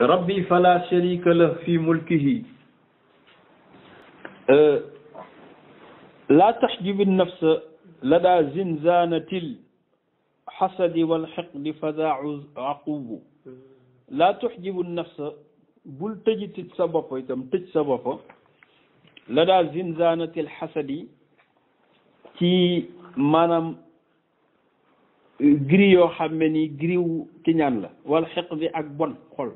rabbi fala sharika la fi mulkihi euh, laa taxjibi nafs lada zinzanatil xasadi wal xiqdi fada aqubu laa tuxjibu nafs bul tëjitit sa bopp itam tëj sa bopp lada zinzanatil xasadi ci maanaam euh, gri yoo xam ne ni griw ci ñaan la wal xiqdi ak bon xol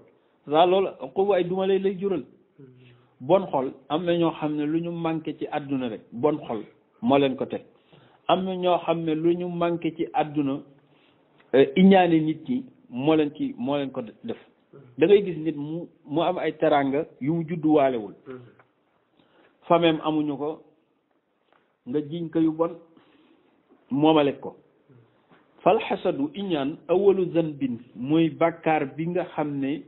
ça loolu xuwaay duma lay lay jural mm-hmm. bon xol am na ñoo xam ne lu ñu manqué ci àdduna rek bon xol ko teg am na ñoo xam ne lu ñu manqué ci àdduna euh, iñaane nit ki moo leen ci moo leen ko def mm-hmm. da gis nit mu mu am ay teraanga yu judduwaalewul mm-hmm. fameem amuñu ko nga jiñ ko yu bon moomale ko fal xasadu iñaan awalu zanbin mooy bàkkaar bi nga xam ne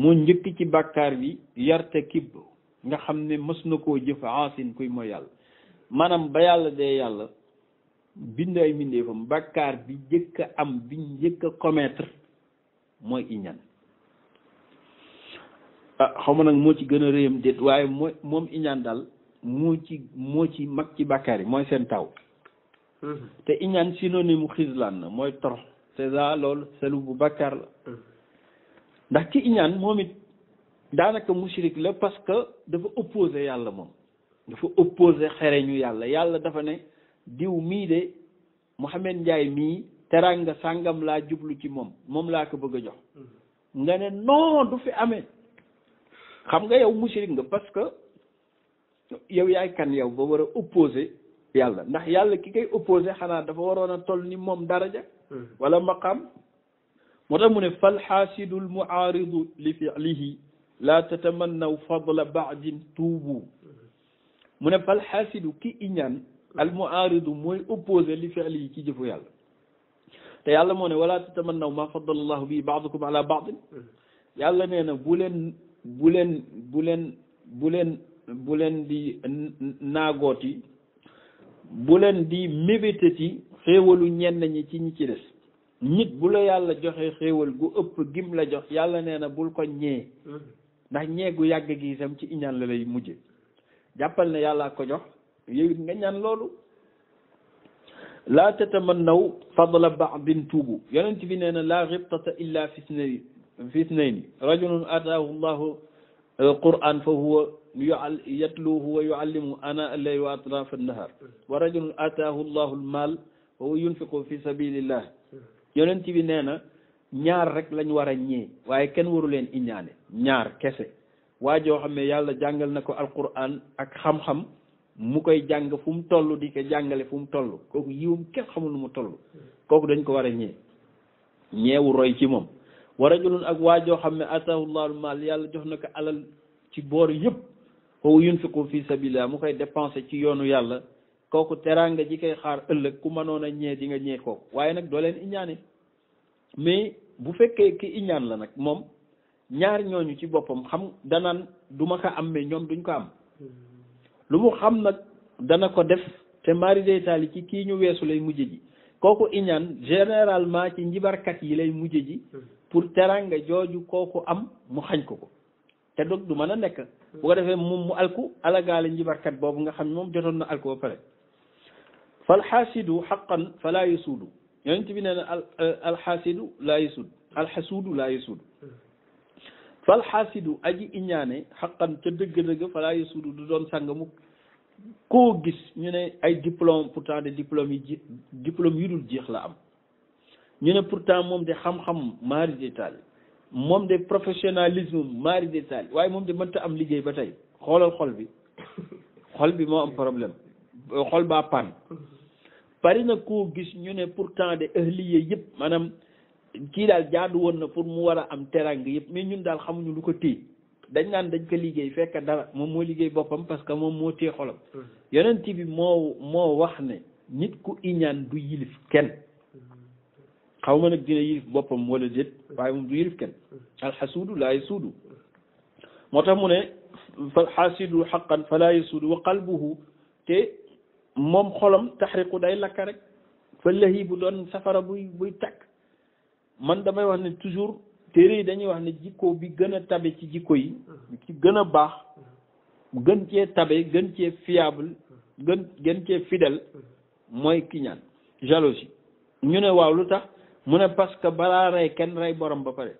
moo njëkk ci bakkaar bi yarta kib nga xam ne mës na koo jëf aasin kuy mooy yàlla maanaam ba yàlla dee yàlla bind ay mbindeefam bàkkaar bi njëkk am bi njëkk a commettre mooy iñaan ah xaw nag moo ci gën a rëyam déet waaye mooy moom iñaan daal moo ci moo ci mag ci bàkkaar yi mooy seen taw mm-hmm. te iñaan synonyme mu xislaan na mooy torox c'est ça loolu selu bu bàkkaar la mm-hmm. ndax ki iñaan moom it daanaka mushrik la parce que dafa oppose yàlla moom dafa opposé ñu yàlla yàlla dafa ne diw mii de Mouhamed Ndiaye mii nga sàngam laa jublu ci moom moom laa ko bëgg a jox mm-hmm. nga ne non du fi amee xam nga yow mushrik nga parce que yow yaay kan yow ba war a opposé yàlla ndax yàlla ki koy opposé xanaa dafa waroon a toll ni moom daraja mm-hmm. wala maqam moo tax mu ne fal xaasidu lmuaaridu li filihi laa tatamannaw fadla baadin tuubu mu ne fal xaasidu ki iñaan almuaaridu mooy opposé li filihi ci jëfu yàlla te yàlla moo ne wala tatamannaw ma faddala allahu bi baadukum ala baadin yàlla nee na bu leen bu leen bu leen bu leen bu leen di naagooti bu di mébétati xéewalu ñenn ñi ci ñi ci des nit bu la yàlla joxe xéewal gu ëpp gim la jox yàlla nee na bulko ko ñee ndax ñee gu yàgg gi itam ci iñaan la lay mujje jàppal ne yàllaa ko jox yow it nga loolu laa tatamannaw fadla baadin tuubu yonent bi nee na laa xibtata illa fisnayni fisnayni rajulun ataahu llahu euh, quran fa huwa yatluhu wa yuallimu ana allay wa atrafa annahar wa rajulun ataahu llahu almal fa huwa yunfiqu fi sabilillah yonent bi nee na ñaar rek lañu war a ñee waaye kenn waru leen iñaane ñaar kese waa joo xam ne yàlla jàngal na ko alquran ak xam-xam mu koy jàng fu mu toll di ko jàngale fu mu toll kooku yiwum kenn xamul nu mu toll kooku dañ ko war a ñee ñeewu roy ci moom wa rajulun ak waa joo xam ne ataahu llaahu maal yàlla jox na ko alal ci boor yëpp foofu yunfiqu fi sabilillah mu koy dépensé ci yoonu yàlla kooku teraanga ji koy xaar ëllëg ku mënoon a ñee di nga ñee kooku waaye nag doo leen iñaane mais bu fekkee ki iñaan la nag moom ñaar ñooñu ci boppam xam danaan du ma ko am ñoom duñ ko am lu mu xam nag dana ko def te mari day taali ci kii ñu weesu lay mujj kooku iñaan généralement ci njibarkat yi lay mujj ji pour teraanga jooju kooku am mu xañ ko ko te dog du mën a nekk bu ko defee moom mu alku alagaale njibarkat boobu nga xam moom jotoon na alku ba pare falxaasidu xaqan falaa yasuudu yonent bi nee na alxaasidu laa yasuud alxasuudu laa yasuud falxaasidu aji iñaane xaqan ca dëgg-dëgg falaa yasuudu du doon sàng mu koo gis ñu ne ay pour pourtant de diplôme yi ji diplôme yu dul jeex la am ñu ne pourtant moom de xam-xam maari détail moom de professionnalisme maari détail waaye moom de mënta am liggéey ba tey xoolal xol bi xol bi moo am problème xol baa pan bari na koo gis ñu ne pour pourtant de ahliya yëpp maanaam kii daal jaadu woon na pour mu war a am terang yëpp mais ñun daal xamuñu lu ko téye dañ naan dañ ko liggéey fekk dara moom moo liggéey boppam parce que moom moo téye xolam mm-hmm. yonent bi moo moo wax ne nit ku iñaan du yilif kenn mm-hmm. xaw ma nag dina yilif boppam walla déet waaye moom du yilif kenn mm-hmm. alxasuudu laa yasuudu moo tax mu ne fa xaasidu xaqan fa laa yasuudu wa qalbuhu te moom xolam taxriqu day lakk rek fa bu doon safara buy buy takk man damay wax ne toujours téere yi dañuy wax ne jikko bi gën a tabe ci jikko yi ci gën a baax gën cee tabe gën cee fiable gën gën cee fidèle mooy kiñaan jalousie ñu ne waaw lu tax mu ne parce balaa rey kenn rey borom ba pare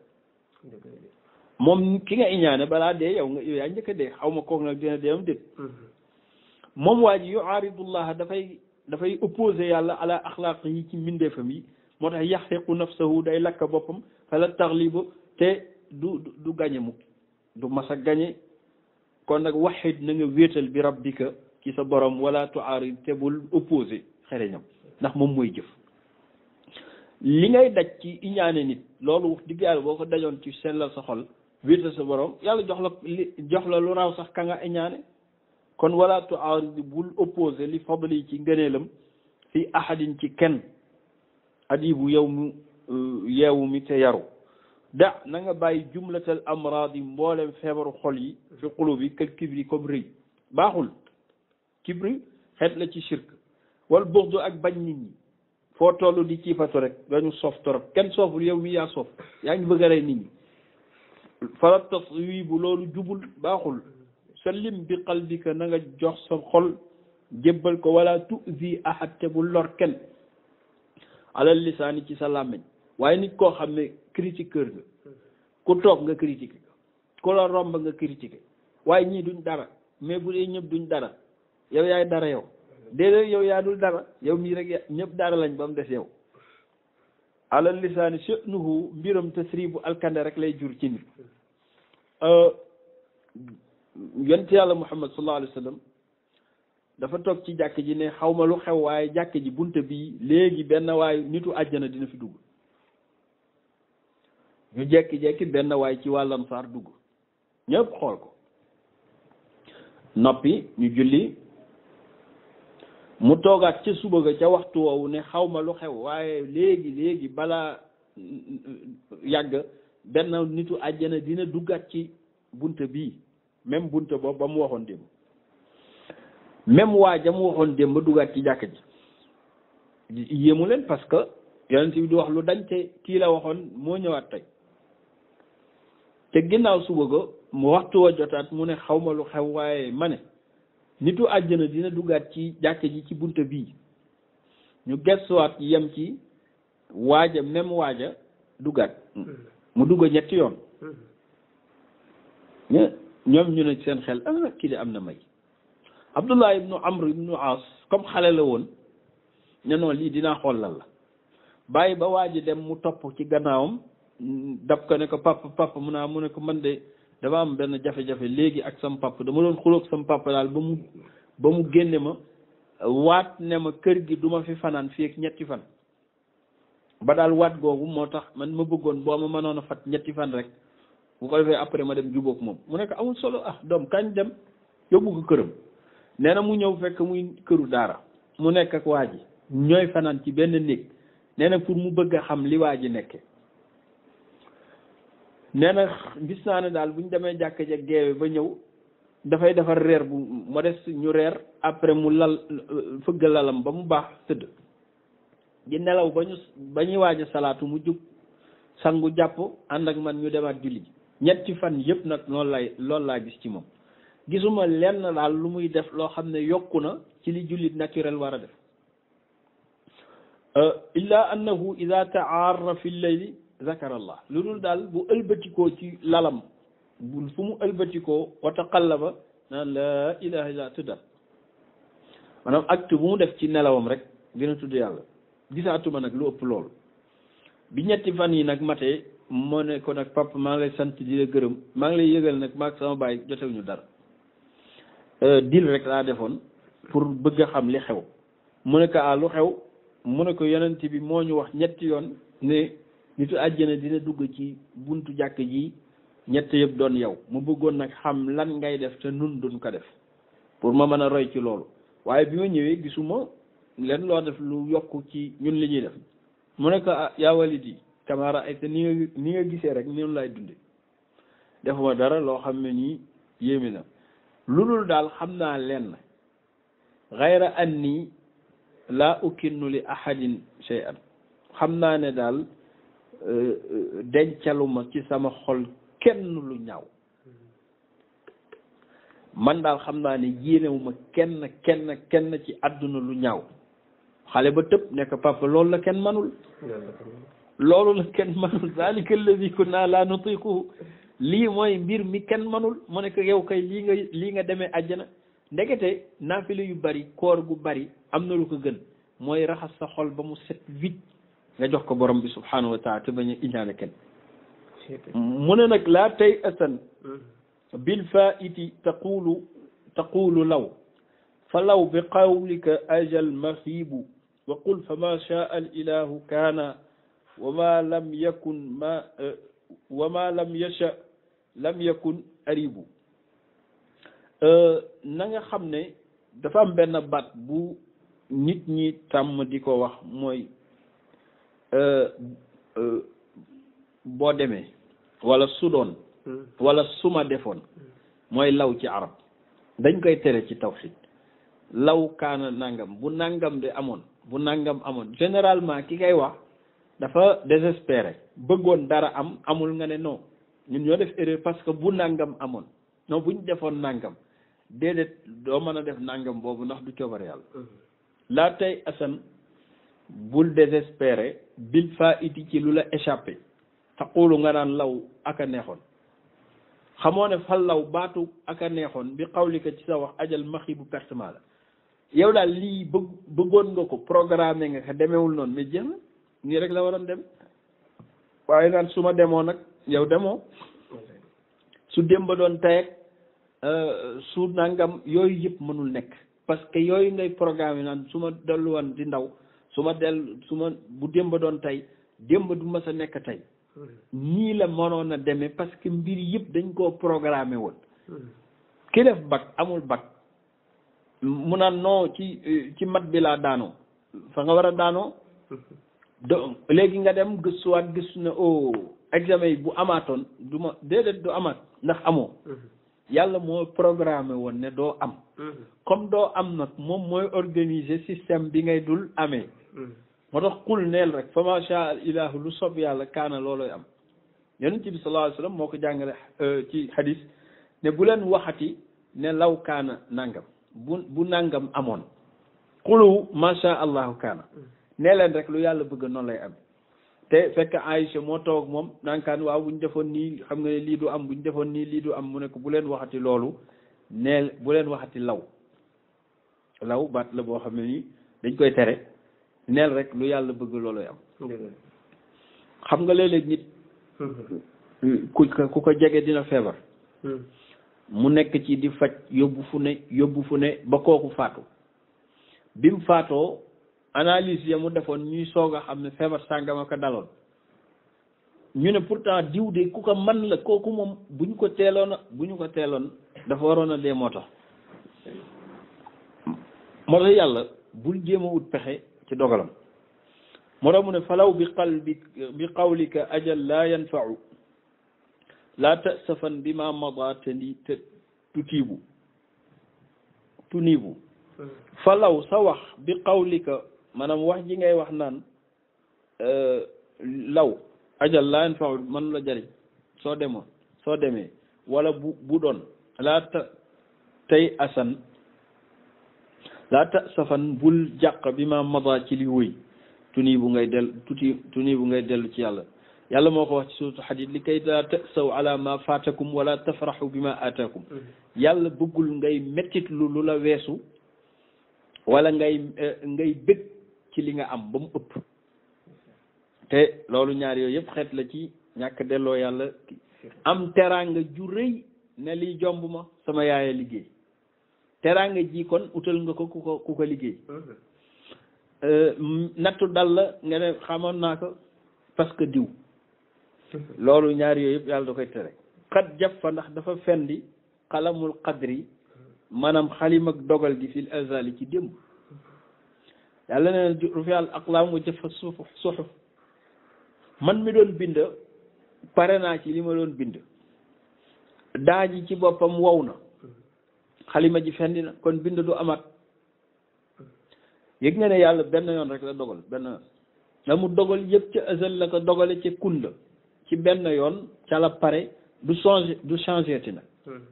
moom ki nga iñaane balaa dee yow nga yow yaa njëkk de xaw ma koog nag dina dee am déet mm-hmm. moom waa ji yuaridullah dafay dafay opposé yàlla ala axlaaq yi ci mbindeefam yi moo tax yaxriqu nafsahu day lakk boppam fala taxlibu te du du gañe mukk du mas a gañe kon nag waxit na nga wéetal bi rabbika ci sa borom wala tuarid te bul opposé xereñam ndax moom mooy jëf li ngay daj ci iñaane nit loolu wax dëgg yàlla boo ko dajoon ci seen la sa xol wéetal sa borom yàlla jox la li lu raw sax ka nga kon wala tuaridi bul opposé li fadli ci ngëneelam fi ahadin ci kenn adibu yow mu euh, yeewu mi te yaru da na nga bàyyi jumlatal amraadi mboolem feebaru xol yi fi xulub yi kal kibri comme rëy baaxul kibri xeet la ci shirk wal buxdu ak bañ nit ñi foo toll di ciifatu rek dañu soof kenn sooful yow mi yaa soof yaa ngi bëgg a rey nit ñi fala taswibu loolu jubul baaxul sallim bi qalbika na nga jox sa xol jébbal ko wala tuzi ahad te bu lor kenn alal lisaani ci sa làmmiñ waaye nit koo xam ne critiqueur nga ku toog nga critiquer ku la romb nga critiquer waaye ñii duñ dara mais bu dee ñëpp duñ dara yow yaay dara yow déedéet yow yaa dul dara yow mii rek ñëpp dara lañ ba mu des yow alal lisaani sha'nuhu mbiram tasribu alkande rek lay jur ci nit euh, yonent yàlla Muhammad sallallahu alayhi wa dafa toog ci jàkk ji ne xaw ma lu xew waaye jàkk ji bunt bii léegi benn waay nitu àjjana dina fi dugg ñu jekki-jekki benn waay ci wàllam dugg ñëpp xool ko noppi ñu julli mu toogaat ca suba ga ca waxtu woowu ne xawma lu xew waaye léegi léegi balaa yàgg benn nitu àjjana dina duggaat ci bunt bii même bunt boobu ba mu waxoon démb même waa ja mu waxoon démb ba ci jàkk ji yéemu leen parce que yonent bi di wax lu dañ te kii la waxoon moo ñëwaat tey te ginnaaw suba ko mu waxtu wa jotaat mu ne xaw ma lu xew waaye ma ne nitu àjjana dina duggaat ci jàkk ji ci bunt bii ñu gëstuwaat yem ci waaja même waaja dugaat mm-hmm. mu dugg ñetti yoon mm-hmm. ñoom ñu ne seen xel ah kii de am na may Abdullah ibnu Amr ibnu As comme xale la woon ne noonu lii dinaa xool lal la bàyyi ba waa ji dem mu topp ci gannaawam dab ko ne ko papa papa mu naa mu ne ko man de dafa am benn jafe-jafe léegi ak sam dama doon xuloog sam daal ba mu ba mu génne ma waat ne ma kër gi duma fi fanaan fii ak ñetti fan ba daal waat googu moo tax man ma bëggoon boo ma mënoon a fat ñetti fan rek bu ko defee après ma dem jubóog moom mu nekk amul solo ah doom kañ dem yóbbu ko këram nee na mu ñëw fekk muy këru daara mu nekk ak waa ji ñooy fanaan ci benn néeg nee na pour mu bëgg a xam li waa ji nekke nee na gis naa ne daal bu ñu demee jàkk ja geewe ba ñëw dafay defar reer bu ma des ñu reer après mu lal fëgg lalam ba mu baax tëdd di nelaw ba ñu ba ñuy waaj a salaatu mu jug sangu jàpp ànd ak man ñu demaat julli ji ñetti fan yëpp nag loolu lay laa gis ci moom gisuma lenn daal lu muy def loo xam ne yokk na ci li jullit naturel war a def euh, illa annahu ida taarra fi llayli zakara lu dul daal bu ëlbatikoo ci lalam bu fu mu ëlbatikoo wa taqallaba naan laa ilaha illa tëddal maanaam acte bu mu def ci nelawam rek dina tudd yàlla gisaatuma nag lu ëpp loolu bi ñetti fan yi nag matee moo ne ko nag papa maa ngi lay sant di la gërëm maa ngi lay yëgal nag maag sama baay jotewuñu dara euh, dil rek laa defoon pour bëgg a xam li xew mu ne ko ah lu xew mu ne ko yonent bi moo ñu wax ñetti yoon ne nitu àjjana dina dugg ci buntu jàkk ji ñett yëpp doon yow mu bëggoon nag xam lan ngay def te nun dun ko def pour ma mën a roy ci loolu waaye bi ma ñëwee gisuma leen loo def lu yokk ci ñun li ñuy def mu ne ko ah yaa walidi kamara ay te ni nga ni nga gisee rek noonu laay dunde defuma dara loo xam ne nii yéeme na lu dul daal xam naa lenn xayra anni laa ukinnu li ahadin shay'an xam naa ne daal euh, euh, dencaluma ci sama xol kenn lu ñaaw man daal xam naa ne yéenewuma kenn kenn kenn ci àdduna lu ñaaw xale ba tëb nekk papa loolu la kenn manul loolu la kenn manul zalika alladi kunna la nutiquhu lii mooy mbir mi kenn manul mu ne ko yow kay lii nga lii nga demee àjjana ndekete naafila yu bari koor gu bari am na lu ko gën mooy raxas sa xol ba mu set vite nga jox ko borom bi subhanahu wa taala te bañ a kenn mu ne nag laa tey asan bil faiti taqulu law fa law bi qawlika ajal maxiibu wa qul fa ma shaa al ilahu kaana wama lam yakun ma eh, wama lam yasha lam yakun aribu eh, na nga xam ne dafa am benn baat bu nit ñi tàmm di ko wax mooy eh, boo demee wala sudoon doon hmm. wala suma defoon hmm. mooy law ci arab dañ koy tere ci tawxid law kaana nangam bu nangam de amoon bu nangam amoon généralement ki koy wax dafa désespéré bëggoon dara am amul nga ne non ñu ñoo def erreur parce que bu nangam amoon non bu ñu defoon nangam déedéet doo mën a def nangam boobu ndax du coobar yàlla mm-hmm. laa tey asan bul désespéré bil fa iti ci lu la échappé taqulu nga naan law ak a neexoon xamoo ne fal law baatu ak a neexoon bi xawlika ci sa wax ajal maxi bu pertement la yow daal lii bëgg bëggoon nga ko programmé nga ko demewul noonu mais jeex na nii rek la waroon dem waaye naan su ma demoo nag yow demoo su démb doon tey euh, su nangam yooyu yëpp mënul nekk parce que yooyu ngay programme naan su ma dellu di ndaw su ma dellu su bu démb doon tey démb du ma sa nekk tey nii la mënoon a demee parce que mbir yëpp dañ koo programmé woon ki def bac amul bac mu naan non ci ci mat bi laa daanoo fa nga war a daanoo donc léegi nga dem gëstuwaat gëstu ne o oh, examen yi bu amaatoon du ma déedéet du amaat ndax amoo mhm. yàlla moo programmé woon ne doo am mhm. comme doo am nag moom mooy organiser système bi ngay dul amee mhm. moo tax xul neel rek fa macha ilahu lu sob yàlla kaana looloy am yonent bi sallallahu alayhi moo ko jàngale euh, ci hadis ne bu leen waxati ne law kaana nangam bu bu nangam amoon xulu macha allahu kaana nee leen rek lu yàlla bëgg noonu lay am te fekk Aïcha moo toog moom nankaan waaw bu ñu defoon nii xam nga lii du am bu ñu defoon nii lii du am mu ne ko bu leen waxati loolu nee bu leen waxati law law baat la boo xam ne nii dañ koy tere neel rek lu yàlla bëgg loolu am xam nga léeg-léeg nit ku ku ko jege dina feebar hmm. mu nekk ci di faj yóbbu fu ne yóbbu fu ne ba kooku faatu bi faatoo analyse ya mu defoon ñuy soog a xam ne feebar sàngama ko daloon ñu ne pourtant diw de ku ko man la kooku moom bu ñu ko teeloon bu ñu ko teeloon dafa waroon a dee moo tax moo tax yàlla bul jéem ut pexe ci dogalam moo tax mu ne falaw bi qalbi bi qawlika ajal laa yanfau laa tasafan bi ma mada tutiibu tuniibu hmm. falaw sa wax bi qawlika maanaam wax ji ngay wax naan euh, law ajal laa yanfa'u man la jariñ soo demoon soo demee wala bu bu doon laa ta tey asan laa ta safan bul jàq bi ma mada ci li wëy tuni bu ngay del tuti tuni bu ngay dellu ci yàlla yàlla moo ko wax ci suuratu Hadiid li kay laa saw ala ma faatakum wala tafraxu bi ma aataakum mm-hmm. yàlla bëggul ngay mettit lu lu la weesu wala ngay euh, ngay ci li nga am ba mu ëpp te loolu ñaar yooyu yëpp xeet la ci ñàkk delloo yàlla am teraanga ju ne li jomb ma sama yaaya liggéey teraanga ji kon utal nga ko ku ko ku ko liggéey mm-hmm. euh, nattu dal la nga ne xamoon naa ko parce que diw mm-hmm. loolu ñaari yooyu yëpp yàlla da koy tere xat jafa ndax dafa fendi xalamul qadri mm-hmm. maanaam xalim ak dogal gi fil azali ci démb yàlla nee na rufiya al aqlaam wa jaffat suhuf man mi doon bind pare naa ci li ma doon bind daa ji ci boppam wow na xalima ji fendi na kon bind du amat yëg na ne yàlla benn yoon rek la dogal benn yoon la mu dogal yëpp ca azal la ko dogale ca kun la ci benn yoon ca la pare du changé du changé ti nag hmm.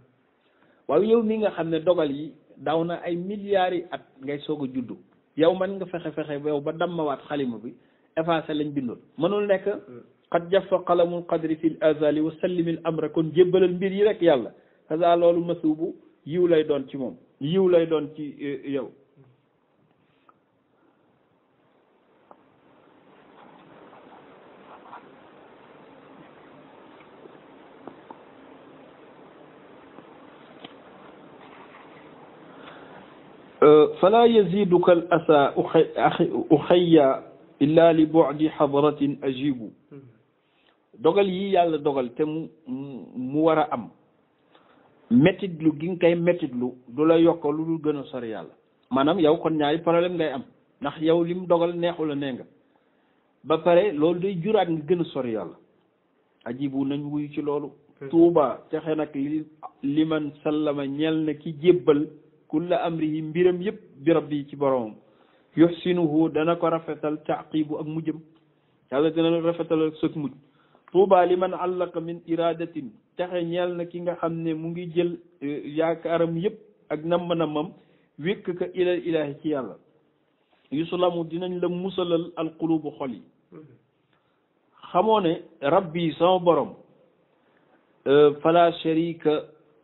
waaye mi nga xam ne dogal yi daw na ay milliards yi at ngay soog a juddu yow man nga fexe fexe yow ba dammawaat xalima bi effacé lañ bindoon mënul nekk xat jafa qalamul qadri fil azali wa sallimil amra kon jébbalal mbir yi rek yàlla xasa loolu masubu yiw lay doon ci moom yiw lay doon ci eh, yow Euh, fala yaziduka al asa uxayya illa li bodi xadratin ajibu dogal yi yàlla dogal te mu mu war a am métitlu gi nga koy métitlu du la yokk lu dul gën a sori yàlla maanaam yow kon ñaari problème ngay am ndax yow lim dogal neexula nee nga ba pare loolu day juraat nga gën a sori yàlla ajibu nañ wuyu ci loolu tuuba texe nag li liman sallama ñel na ki jébbal kulla amrihi mbiram yëpp bi rabbi ci boromam yuxsinuhu dana ko rafetal taqibu ak mujjam yàlla dana rafetal ak sot mujj tuuba li man allaka min iradatin texe ñeel na ki nga xam ne mu ngi jël e, yaakaaram yëpp ak namm-nammam wékk ka ilal ilahi ci yàlla yusulamu dinañ la musalal alqulubu xol yi xamoo ne rabbi sama borom e, fala sharika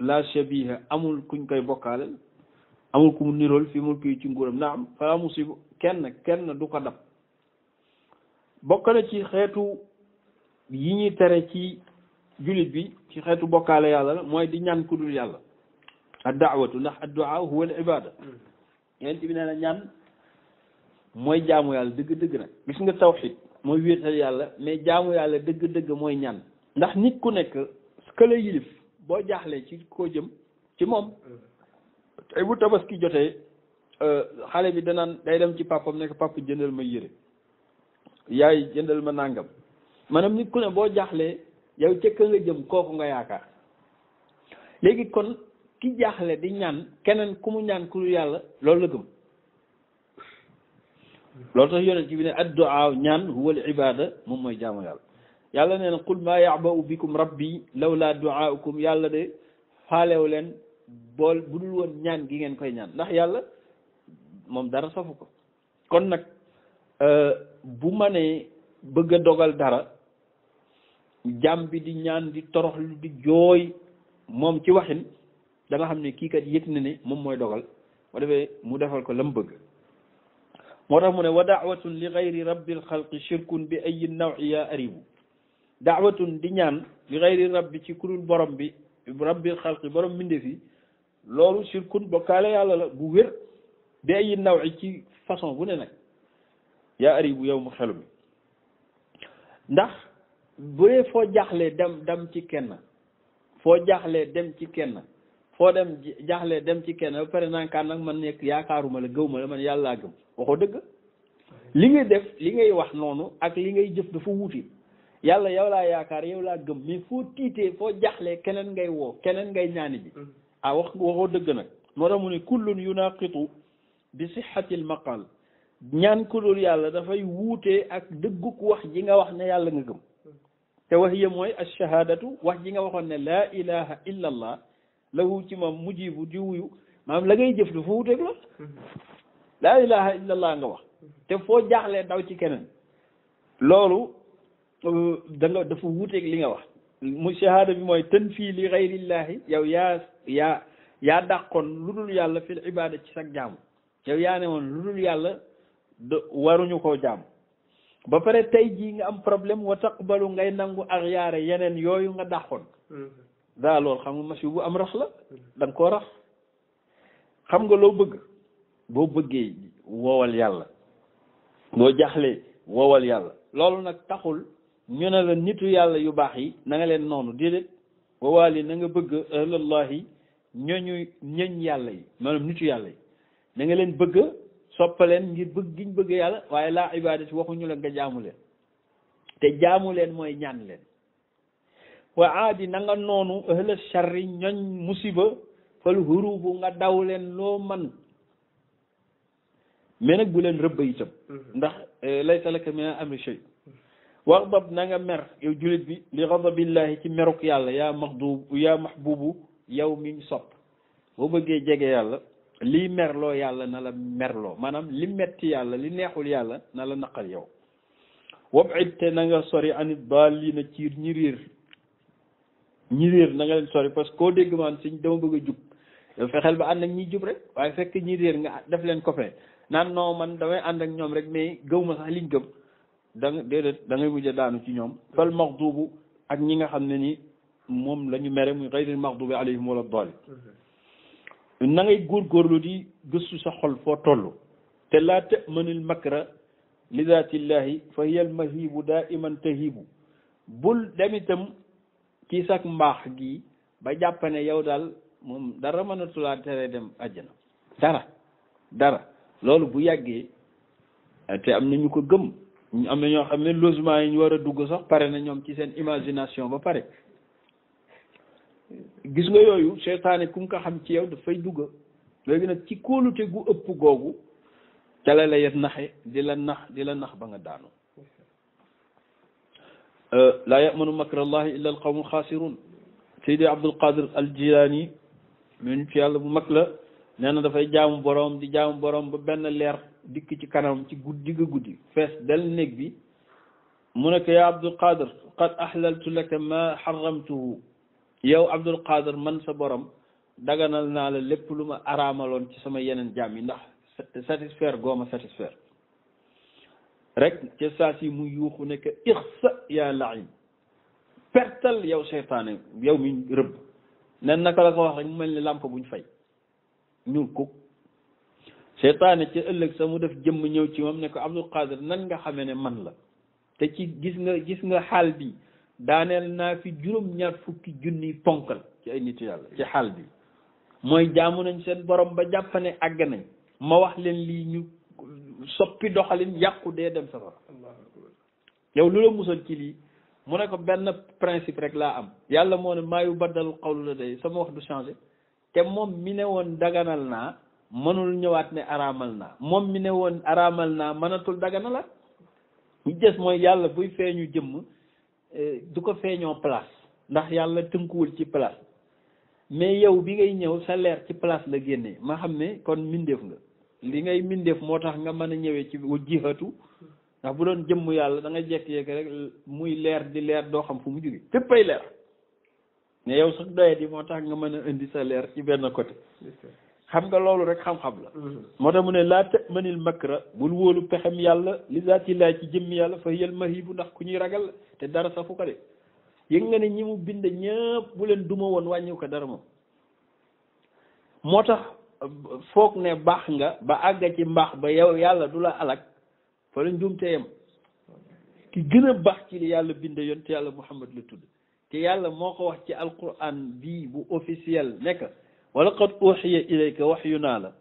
la shabiha amul kuñ koy bokkaale amul ku mu nirool fi mulki yi ci nguuram naam fala musiba kenn kenn du ko dab bokk na ci xeetu yi ñuy tere ci jullit bi ci xeetu bokkaale yàlla la mooy di ñaan ku dul yàlla ad daawatu ndax ad duaa huwa al bi nee ñaan mooy jaamu yàlla dëgg-dëgg nag gis nga tawxid mooy wéetal yàlla mais jaamu yàlla dëgg-dëgg mooy ñaan ndax nit ku nekk këla yilif boo jaaxlee ci koo jëm ci moom tey bu tabaski jotee euh, xale bi danaan day dem ci papam nekk papa jëndal ma yére yaay jëndal ma nàngam maanaam nit ku ne boo jaaxlee yow cëkka nga jëm kooku nga yaakaar léegi kon ki jaaxle di ñaan keneen ku mu ñaan ku lu yàlla loolu la gëm loolu tax yonent bi ne addu'a ñaan huwa al ibada mooy jaamu yàlla yàlla nee na qul maa ya'ba'u bikum rabbi law laa du'aa'ukum yàlla de faalew leen bool bu dul woon ñaan gi ngeen koy ñaan ndax yàlla moom dara sofu ko kon nag euh, bu ma nee bëgg a dogal dara jàmm bi di ñaan di toroxlu di jooy moom ci waxin da xam ne kii kat yëg na ne moom mooy dogal ba defee mu defal ko la mu bëgg moo tax mu ne wa daawatun li gayri rabbil xalqi shirkun bi ayi nawi yaa aribu daawatun di ñaan li gayri rabbi ci kurul borom bi rabbil xalqi borom mbindéef yi loolu shirkun bokkaale yàlla la bu wér bi ay naw ci façon bu ne nag yaa bu yow mu xelu mi ndax bu dee foo jaaxlee dem dem ci kenn foo jaaxlee dem ci kenn foo dem jaaxlee dem ci kenn ba pare nankaan nag man nekk yaakaaruma la gëwma la man yàllaa gëm waxoo dëgg li ngay def li ngay wax noonu ak li ngay jëf dafa wuute yàlla yow laa yaakaar yow laa gëm mais foo tiitee foo jaaxlee keneen ngay woo keneen ngay ñaani ji mm-hmm. ah wax waxoo dëgg nag moo tax mu ne kullun yunaqitu bi sixatil maqal ñaan ku dul yàlla dafay wuute ak dëgguk wax ji nga wax ne yàlla nga gëm te wax ya mooy ash-shahadatu wax ji nga waxoon ne la ilaha illa allah lahu ci moom mujibu di wuyu maanaam la ngay jëf dafa wuuteeg la laa ilaha nga wax te foo jaaxlee daw ci keneen loolu euh, da nga dafa wuuteeg li nga wax mu shahada bi mooy tën fii li xayrillahi yow yaa ya yaa dàqoon lu dul yàlla fil ibada ci sag jaamu yow yaa ne woon lu dul yàlla de waruñu koo jaam ba pare tey jii nga am problème wa taqbalu ngay nangu ak yaare yeneen yooyu nga dàqoon mm-hmm. daa loolu xam nga am rax la mm-hmm. da nga koo xam nga loo bëgg boo bëggee woowal yàlla boo jaxlee woowal yàlla loolu nag taxul ñu ne la nitu yàlla yu baax yi na leen noonu déedéet wawaali na nga bëgg ahlallahi ñooñu ñëñ yàlla yi maanaam nitu yàlla yi na leen bëgg soppaleen ngir bëgg giñ bëgg yàlla waaye laa ibadati waxuñu la nga jaamu leen te jaamu leen mooy ñaan leen wa aadi na noonu ahla sharri ñoñ musiba fal hurubu nga daw leen loo man mais nag bu leen rëbba itam mm-hmm. ndax eh, laysa laka min amri shay waxdab na nga mer yow jullit bi li xadabillahi ci meruk yàlla yaa maxduub yaa maxbuubu yow mi ñu sopp boo bëggee jege yàlla lii merloo yàlla na la merloo maanaam li metti yàlla li neexul yàlla na la naqal yow wabid te na nga sori anit baal lii na ci ñi réer ñi réer na nga leen sori parce que koo dégg maan siñ dama bëgg a jub yow fexeel ba ànd ak ñi jub rek waaye fekk ñi réer nga def leen copain naan non man damay ànd ak ñoom rek mais gëw ma sax liñ da nga déedéet da mujj daanu ci ñoom fal maxdubu ak ñi nga xam ne ni moom lañu ñu mere muy xëy na maxdubi alayhim wala doole na ngay góorgóorlu di gëstu sa xol foo toll te laa tamanil makra li zaatillahi fa hiya almahibu daa iman tahibu bul dem itam ci sag mbaax gi ba jàpp ne yow daal moom dara mënatulaa tere dem àjjana dara dara loolu bu yàggee te am na ñu ko gëm ñu am na ñoo xam ne logement yi ñu war a dugg sax pare na ñoom ci seen imagination ba pare gis nga yooyu seetaane kum ko xam ci yaw dafay dugg léegi nag ci kóolute gu ëpp googu ca la lay naxe di la nax di la nax ba nga daanu euh, laa manu makrallahi illa alqawmu xaasirun seydi abdul qadir al jilaani ñu ci yàlla bu mag la nee na dafay jaamu boroom di jaamu boroom ba benn leer dikk ci kanam ci guddi guddi fees dal néeg bi mu nekk ko yaa Abdul Qadir qad ahlaltu laka ma xaramtuhu yow Abdul Qadir man sa borom daganal naa la lépp lu ma araamaloon ci sama yeneen jaam yi ndax satisfaire gooma satisfaire rek ca saa si mu yuuxu ne que ixsa yaa pertal yow seytaane yow mi rëbb nen naka la ko wax mu mel ni làmp buñ fay ñuul kuk seytaane ci ëllëg sa mu def jëmm ñëw ci moom ne ko Abdul Qadir nan nga xamee ne man la te ci gis nga gis nga xaal bi daaneel naa fi juróom-ñaar fukki junniy ponkal ci ay nitu yàlla ci xaal bi mooy jaamu nañ seen borom ba jàpp ne àgg nañ ma wax leen lii ñu soppi doxalin yàqu dee dem safara yow lu la musal ci lii mu ne ko benn principe rek laa am yàlla moo ne maayu baddal xawlu la day sama wax du changé te moom mi ne woon daganal naa mënul ñëwaat ne araamal naa moom mi ne woon araamal naa mënatul dagana la ñu des mooy yàlla buy feeñu jëmm eh, du ko feeñoo place ndax yàlla tënkuwul ci place mais yow bi ngay ñëw sa leer ci place la génne ma xam ne kon mbindeef nga li ngay mbindeef moo tax nga mën a ñëwee ci jihatu ndax bu doon jëmm yàlla da nga jekk-jekk rek muy leer di leer doo xam fu mu jóge fépp ay leer mais yow sax doyet yi moo tax nga mën a indi sa leer ci benn côté xam nga loolu rek xam-xam la mm-hmm. moo tax mu ne laa tëmanil makra bul wóolu pexem yàlla li zaati laa ci jëmm yàlla fa yel mahibu ndax ku ñuy ragal la te dara safu ko de yëg nga ne ñi mu bind ñëpp bu leen duma woon wàññiw ko dara moom moo tax foog ne baax nga ba àgga ci mbaax ba yow yàlla du la alak fa la njuumte yam ki gën baax ci li yàlla bind yoon te yàlla muhammad la tudd te yàlla moo ko wax ci alquran bii bu officiel nekk wala qad uxiya ilayka waxyu naa la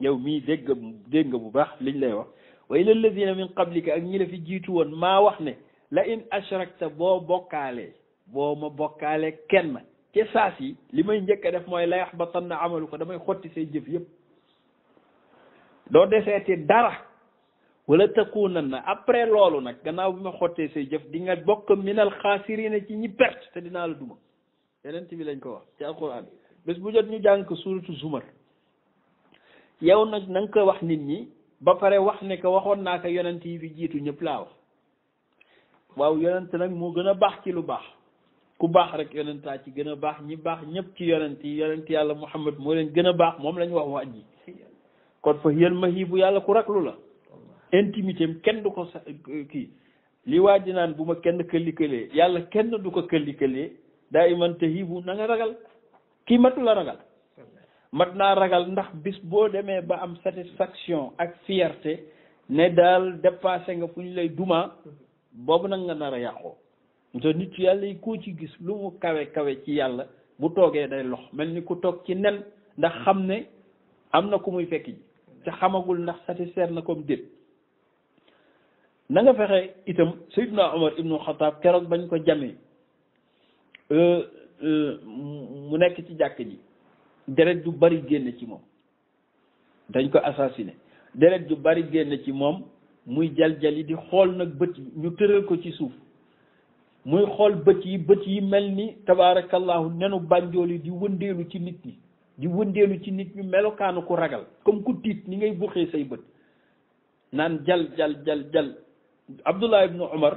yow mii dégg nga dégg nga bu baax liñ lay wax wa la alladina min qablika ak ñi la fi jiitu woon maa wax ne la in ashrakta boo bokkaalee boo ma bokkaalee kenn ca saas yi li may njëkk def mooy la na amalu ko damay xotti say jëf yëpp doo deseeti dara wala takunan na après loolu nag gannaaw bi ma xottee say jëf di nga bokk minal xaasirina ci ñi perte te dinaa la duma yeneen bi lañ ko wax ci alquran bés bu jot ñu jàng ko suuratu zumar yow nag na ko wax nit ñi ba pare wax ne ko waxoon naa ko yonent yi fi jiitu ñëpp laa waaw yonent nag moo gën a baax ci lu baax ku baax rek yonentaa ci gën a baax ñi baax ñëpp ci yonent yi yonent yàlla muhammad moo leen gën a baax moom la ñu wax waaj ji kon fa yéen ma bu yàlla ku raglu la intimité kenn du ko sa kii li waa ji naan bu ma kenn këllikalee yàlla kenn du ko këllikalee daa iman te hibu na ragal kii matu la ragal mat naa ragal ndax bis boo demee ba am satisfaction ak fierté ne daal dépassé nga fu ñu lay duma mhm. boobu nag nga nar a yàqoo nit yàlla yi koo ci gis lu mu kawe kawe ci yàlla bu toogee day lox mel ni ku toog ci nen ndax xam ne am na ku muy fekk ji te xamagul ndax satisfaire na comme déet na nga fexe itam Seydina Omar ibnu Xataab keroog bañ ko jamee euh, mu nekk ci jàkk ji deret ju bari génn ci moom dañ ko assassiné deret ju bari génn ci moom muy jal jal yi di xool nag bët yi ñu tëral ko ci suuf muy xool bët yi bët yi mel ni tabaarakallahu nenu bànjool yi di wëndeelu ci nit ñi di wëndeelu ci nit ñu melokaanu ku ragal comme ku tiit ni ngay buxee say bët naan jal jal jal jal abdullah ibnu omar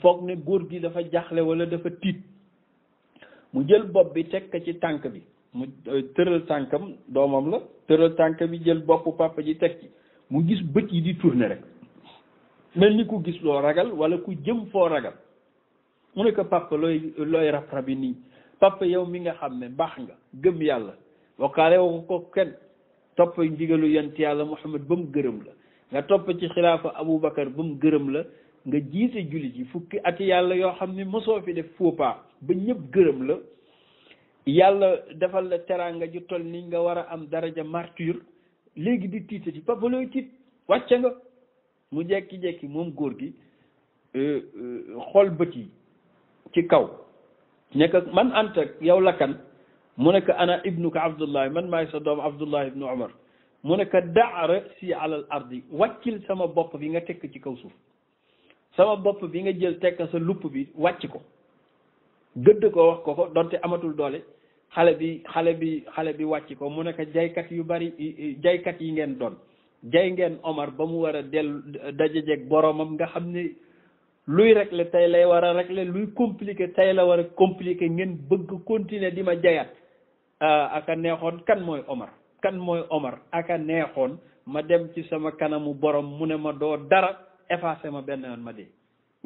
foog ne góor gi dafa jaxle wala dafa tiit mu jël bopp bi teg ko ci tànk bi mu euh, tëral tànkam doomam la tëral tànk bi jël bopp papa ji teg ci mu gis bët yi di tourner rek mel ni ku gis loo ragal wala ku jëm foo ragal mu ne ko papa looy looy rab rabi nii papa yow mi nga xam ne baax nga gëm yàlla wakaale woo ko kenn topp ndigalu yent yàlla Muhammad ba mu gërëm la nga topp ci xilaafa Aboubacar ba mu gërëm la nga jiite jullit yi fukki at yàlla yoo xam ne mosoo fi def faux ba ñëpp gërëm la yàlla defal la teraanga ju toll ni nga war a am daraja martyr léegi di tiitati papa looy tiit wàcce nga mu jekki-jekki moom góor gi euh, euh, xool bët yi ci kaw ne ko man anta yow lakkan mu nekk ko ana ibnuka abdullahi man maay sa doom abdullahi ibnu omar mu ne ko daara si alal ardi wàccil sama bopp bi nga tekk ci kaw suuf sama bopp bi nga jël tekk sa lupp bi wàcc ko gëdd ko wax ko ko donte amatul doole xale bi xale bi xale bi wàcc ko mu nekk jaykat yu bari jaykat yi ngeen doon jay ngeen Omar ba mu war a dellu dajajeeg boromam nga xam ne luy rek la tey lay war a régler luy compliqué tey la war a compliqué ngeen bëgg continuer di ma jayaat euh, aka neexoon kan mooy Omar kan mooy Omar aka neexoon ma dem ci sama kanamu borom mu ne ma doo dara effacé ma benn yoon ma dee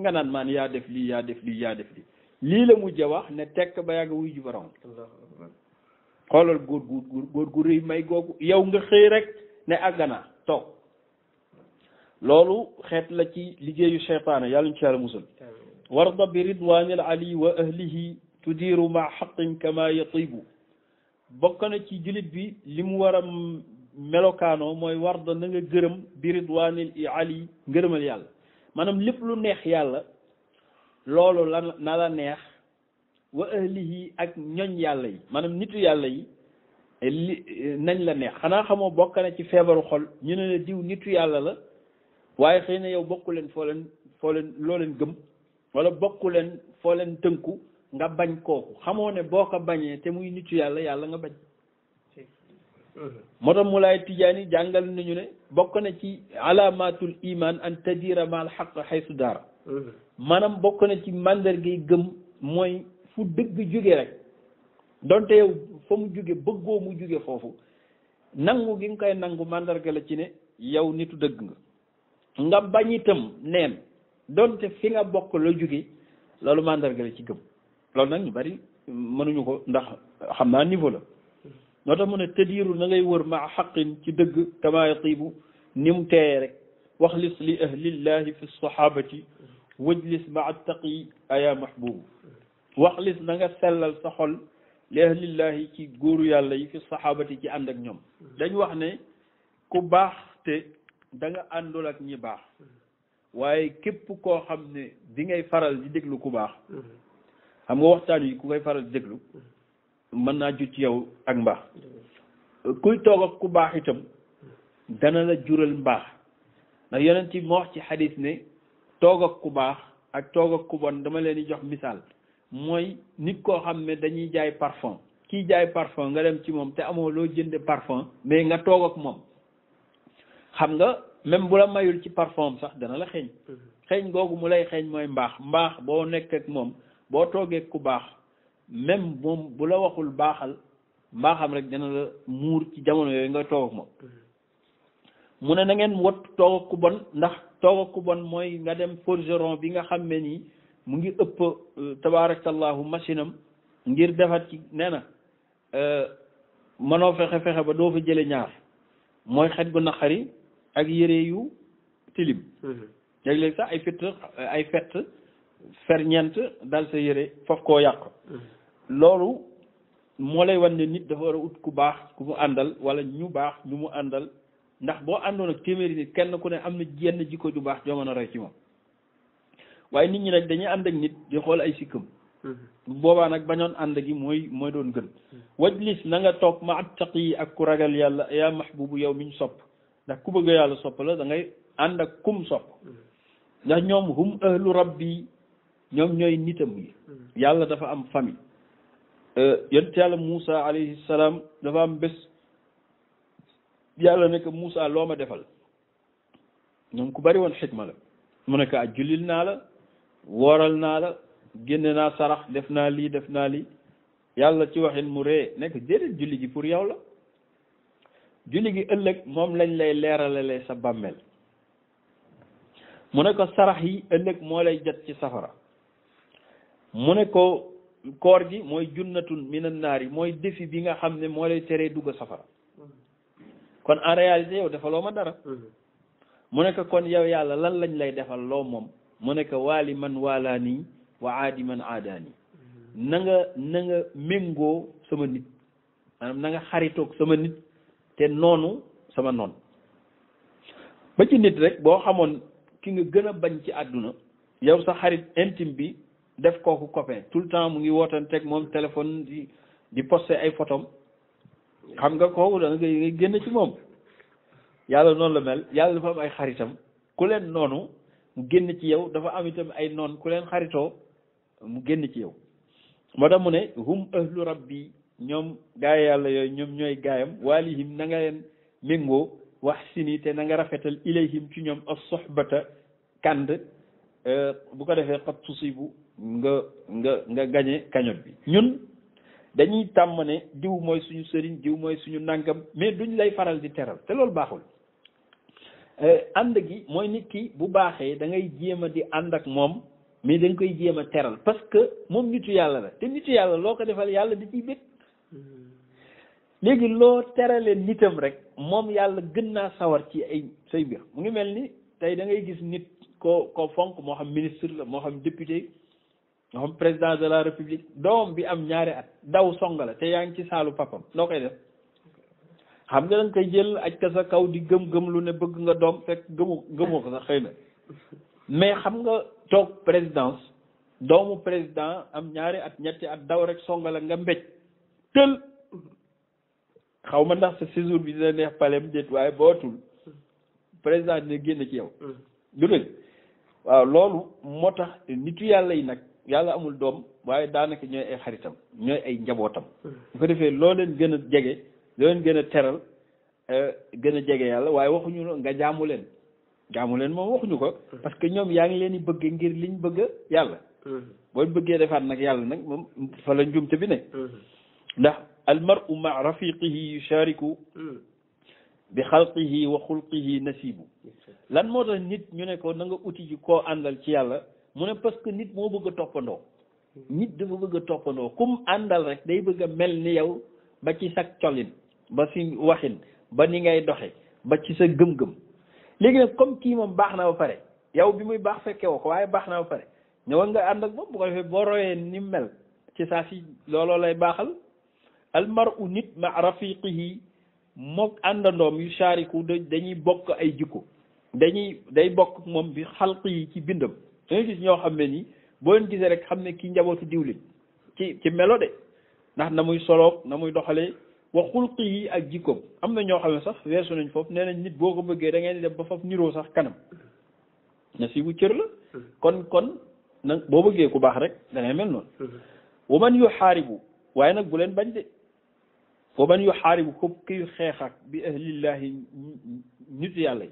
nga naan maan yaa def lii yaa def lii yaa def lii lii la mujj a wax ne tekk ba yàgg wuy ji borom xoolal góor gu góor gur rëy may yow nga xëy rek ne àggana toog loolu xeet la ci liggéeyu cheytaane yàlla ñu ci yàlla musal warda bi ridwanil ali wa ahlihi tudiru ma xaqin kama yatibu bokk na ci jullit bi li mu war melokaano mooy warda na nga gërëm bi ridwanil ali ngërëmal yàlla maanaam lépp lu neex yàlla loolu la na la neex wa ahlihi ak ñoñ yàlla yi maanaam nitu yàlla yi nañ la neex xanaa xamoo bokk ci feebaru xol ñu ne la diw nitu yàlla la waaye xëy na yow bokku leen foo leen foo leen loo leen gëm wala bokku leen foo leen tënku nga bañ kooku xamoo ne boo ko bañee te muy nitu yàlla yàlla nga bañ moo tax Moulay Tidjani jàngal nañu ne bokk na ci alaamatul imaan an tadira ma al xaq xaysu daara maanaam bokk na ci mandargay gëm mooy fu dëgg jóge rek donte yow fa mu jóge bëggoo mu jóge foofu nangu gi nga koy nangu mandarga la ci ne yow nitu dëgg nga nga bañ itam neen donte fi nga bokk la jóge loolu mandarga la ci gëm loolu nag ñu bari mënuñu ko ndax xam naa niveau la noo tax mu ne tëdiiru na ngay wër maa xaqin ci dëgg kama yatibu ni mu teeye rek wax lis li ahlillahi fi sahabati wajlis maa taqi aya mahbubu wax lis na nga sellal sa xol li ahlillahi ci góoru yàlla yi fi sahabati ci ànd ak ñoom dañ wax ne ku baax te danga àndul ak ñi baax waaye képp koo xam ne bi ngay faral di déglu ku baax mm-hmm. xam nga waxtaan yi ku ngay faral di déglu mën naa jur ci yow ak mbaax kuy toog ak ku baax itam dana la jural mbaax ndax yonent bi moo ci xadis ne toog ak ku baax ak toog ak ku bon dama leen di jox misaal mooy nit koo xam ne dañuy jaay parfum kii jaay parfum nga dem ci moom te amoo loo jënd parfum mais nga toog ak moom xam nga même bu la mayul ci parfum sax dana la xeeñ mm-hmm. xeeñ googu mu lay xeeñ mooy mbaax mbaax boo nekk ak moom boo toogee ku baax même moom bu la waxul baaxal mbaaxam rek dana la muur ci jamono yooyu nga toog ak mu ne na ngeen wattu toog ak ku bon ndax toog ak ku bon mooy nga dem forgeron bi nga xam ne nii mu ngi ëpp euh, tabarakallahu machine am ngir defar ci nee na euh, mënoo fexe fexe ba doo fa jële ñaar mooy xet gu naqari ak yére yu tilim mm-hmm. léeg sax ay fett ay fett ferñeent dal sa yére foofu koo yàq mm-hmm. loolu moo lay wan ne nit dafa war a ut ku baax ku mu àndal wala ñu baax ñu mu àndal ndax boo àndoon ak téeméeri nit kenn ku ne am na yenn jikko ju baax joo mën a ci moom waaye nit ñi nag dañuy ànd ak nit di xool ay sikkam mm-hmm. boobaa nag bañoon ànd gi mooy mooy doon gën mm-hmm. wajlis na nga toog ma at taq yi ak ku ragal yàlla yaa mahbubu yow ñu sopp ndax ku bëgg yàlla sopp la da ngay ànd ak kum sopp mm-hmm. ndax ñoom hum ahlu rabbi ñoom ñooy nitam yi yàlla dafa am famille Euh, yonent yàlla Moussa alayhi salaam dafa am bés yàlla ne ko Moussa loo ma defal ñoom ku bari woon xikma la mu ne ko ah jullil naa la wooral naa la génne naa sarax def naa lii def naa lii yàlla ci waxin mu ree nekk déedéet julli gi pour yow la julli gi ëllëg moom lañ lay leeralale sa bàmmeel mu ne ko sarax yi ëllëg moo lay jot ci safara mu ne ko koor gi mooy junnatun minan naar yi mooy défi bi nga xam ne moo lay teree dugg safara kon en réalité yow defaloo ma dara mu ne ko kon yow yàlla lan lañ lay defal loo moom mu ne ko waali man waalaa nii wa aadi man aadaa nanga nanga méngoo sama nit maanaam na nga xaritoog sama nit te noonu sama noon ba ci nit rek boo xamoon ki nga gën a bañ ci àdduna yow sa xarit intime bi def kooku copain tout le temps mu ngi wootanteeg moom téléphone di di poster ay photom xam nga kooku da nga génn ci moom yàlla noonu la mel yàlla dafa am ay xaritam ku leen noonu mu génn ci yow dafa am itam ay noon ku leen xaritoo mu génn ci yow moo tax mu ne hum ahlu bi ñoom gaay yàlla yooyu ñoom ñooy gaayam waalihim nanga nga leen méngoo wax sini te na nga rafetal ilayhim ci ñoom as soxbata kànd euh, bu ko defee xat tusibu nga nga nga gañe cagnotte bi ñun dañuy tàmm ne diw mooy suñu sëriñ diw mooy suñu nangam mais duñ lay faral di teral te loolu baaxul euh, ànd gi mooy nit ki bu baaxee da ngay jéem a di ànd ak moom mais dañ koy jéem a teral parce que moom nitu yàlla la te nitu yàlla loo ko defal yàlla di ciy bég léegi loo terale nitam rek moom yàlla gën naa sawar ci ay say mbir mu ngi mel ni tey da ngay gis nit ko ko fonk moo xam ministre la moo xam député nga xam président de la république doom bi am ñaari at daw song la te yaa ngi ci saalu papam noo koy def xam nga da koy jël aj ka sa kaw di gëm gëm lu ne bëgg nga doom fekk gëmu gëmoo ko sax xëy na mais xam nga toog président doomu président am ñaari at ñetti at daw rek song la nga mbéj tël xaw ma ndax sa séjour bi dina neex palem déet waaye bootul président dina génn ci yow mm. du dëgg waaw loolu moo tax nitu yàlla yi nag yàlla amul doom waaye daanaka ñooy ay xaritam ñooy ay njabootam bu hmm. ko defee loo leen gën a jege loo gën a teral euh, gën a jege yàlla waaye waxuñu nga jaamu leen jaamu leen moom waxuñu ko hmm. parce que ñoom yaa ngi leen di bëgg ngir liñ bëgg yàlla hmm. boo bëggee defaat nag yàlla nag moom fa la njumte bi ne ndax almaru maa rafiqihi yushariku bi xalqihi wa xulqihi nasibu lan moo tax nit ñu ne ko na nga uti ji koo àndal ci yàlla mu ne parce nit moo bëgg a toppandoo nit da dafa bëgg a toppandoo comme àndal rek day bëgg a mel ni yow ba ci sa colin ba ci waxin ba ni ngay doxe ba ci sa gëm-gëm léegi nag comme kii moom baax na ba pare yow bi muy baax fekke ko waaye baax na ba pare ñëwal nga ànd ak moom ko defee boo royee ni mel ci saa si looloo lay baaxal almaru nit ma yi mook àndandoom yu shaariku dañuy bokk ay jikko dañuy day bokk moom bi xalq yi ci bindam da ngay gis ñoo xam ne nii boo leen gisee rek xam ne kii njabootu diwlin ci ci melo de ndax na muy soloog na muy doxalee wa xulqi yi ak jikkoom am na ñoo xam ne sax weesu nañ foofu nee nañ nit boo ko bëggee da ngay dem ba foofu niroo sax kanam na si bu cër la kon kon na boo bëggee ku baax rek da mel noonu wa man yu xaaribu waaye nag bu leen bañ de wa man yu xaaribu ko kuy xeex ak bi ahlillahi nit yàlla yi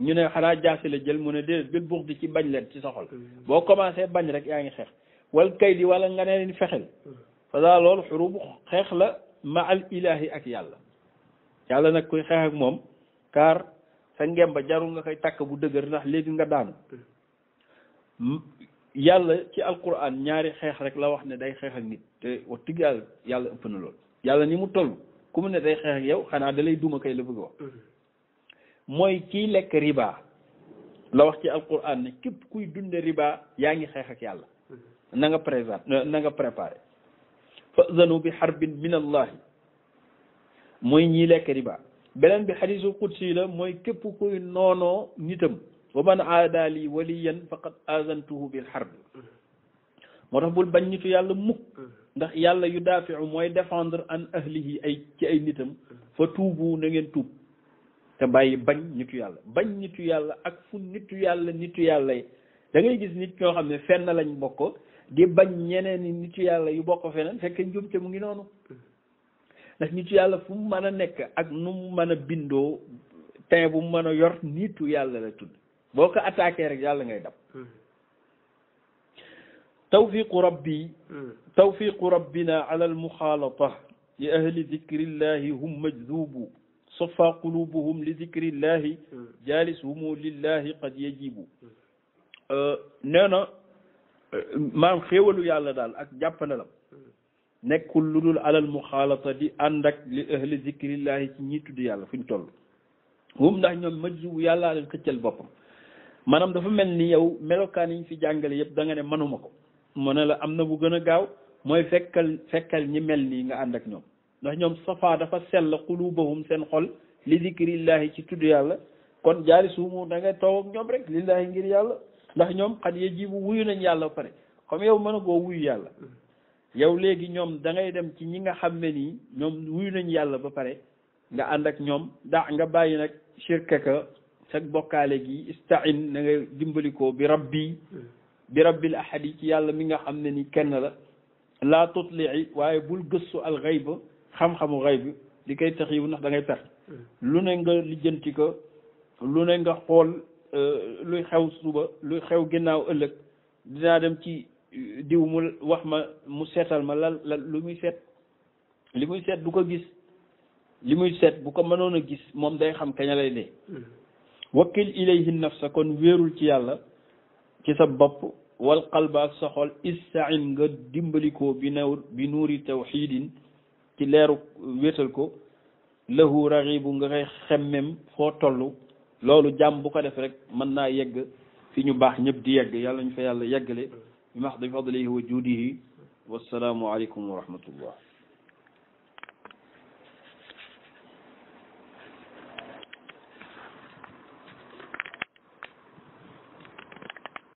ñu ne xanaa jaasi la jël mu ne déedéet bil buux di ci bañ leen ci sa xol mm. boo commencee bañ rek yaa ngi xeex wal kay di wala nga ne leen fexel fa daa loolu xurubu xeex la ma al ilahi ak yàlla yàlla nag kuy xeex ak moom car sa ngemba jarul nga koy takk bu dëgër ndax léegi nga daanu mm. yàlla ci alquran ñaari xeex rek la wax ne day xeex ak nit te wax dëgg yàlla yàlla ëpp na lool yàlla ni mu toll ku mu ne day xeex ak yow xanaa da lay kay la bëgg wax mm. mooy kiy lekk riba la wax ci alquran ne képp kuy dunde riba yaa ngi xeex ak yàlla mm-hmm. na nga présent na nga préparé fazanu bi xarbin min allahi mooy ñiy lekk riba beneen bi xadiisu qudsi la mooy képp kuy noonoo nitam wa man aada li waliyan faqad azantuhu bil xarb mm-hmm. moo tax bul bañ nitu yàlla mukk mm-hmm. ndax yàlla yu daafiu mooy defendre an ahlihi ay ci ay nitam fa tuubu na tuub te bàyyi bañ nitu yàlla bañ nitu yàlla ak fu nitu yàlla nitu yàlla yi da gis nit ñoo xam ne fenn lañ bokk di bañ ñeneen i yàlla yu bokk feneen fekk njuumte mu ngi noonu ndax nitu yàlla fu mu mën a nekk ak nu mu mën a bindoo tey bu mu mën a yor nitu yàlla la tudd boo ko attaqué rek yàlla ngay dab tawfiqu rabbi tawfiqu rabbina ala almuxaalata li ahli dikrillahi hum majzubu safa qulubuhum li zikrillahi hmm. jaalisuhumu lillahi qad yajibu hmm. euh, nee na euh, maanaam xéewalu yàlla daal ak jàppale la hmm. nekkul lu dul alal muxaalata di ànd ak li ahli zikrillahi ci ñi tudd yàlla fu ñu toll hum ndax ñoom majzubu yàlla la xëccal boppam maanaam dafa mel ni yow melokaan yi ñu fi jàngale yëpp da nga ne manuma ko mu ne la am na bu gën a gaaw mooy fekkal fekkal ñi mel nii nga ànd ak ñoom ndax ñoom safa dafa sell qulubahum seen xol li zikrillahi ci tudd yàlla kon jaari suumu da ngay toog ak ñoom rek lillahi ngir yàlla ndax ñoom xat ya jibu wuyu nañ yàlla ba pare comme yow mën a goo wuyu yàlla yow léegi ñoom dangay dem ci ñi nga xam ne nii ñoom wuyu nañ yàlla ba pare nga ànd ak ñoom da nga bàyyi nag shirka ka bokkaale gi istain na nga dimbalikoo bi rabbi bi rabbil ahad ci yàlla mi nga xam ne ni kenn la laa tutli waaye bul gëstu al xam-xamu xay bi li koy tax yiw ndax dangay ngay mm. lu ne nga lijjanti ko lu ne nga xool euh, luy xew suba luy xew ginnaaw ëllëg dinaa dem ci euh, diw mu wax ma mu seetal ma lan lan lu muy seet li muy seet du ko gis li muy seet bu ko mënoon a gis moom day xam kañ lay dee mm. wakkil ilayhi nafsa kon wéerul ci yàlla ci sa bopp wal qalba soxol sa xol nga dimbalikoo bi naw bi nuuri tawxiidin ci leeru wéetal ko lahu raxibu nga koy xemmem foo tollu loolu jàmm bu ko def rek mën naa yegg fi ñu baax ñëpp di yegg yàlla ñu fa yàlla yeggale bi max da fadlihi wa juudihi wassalaamu aleykum wa rahmatullah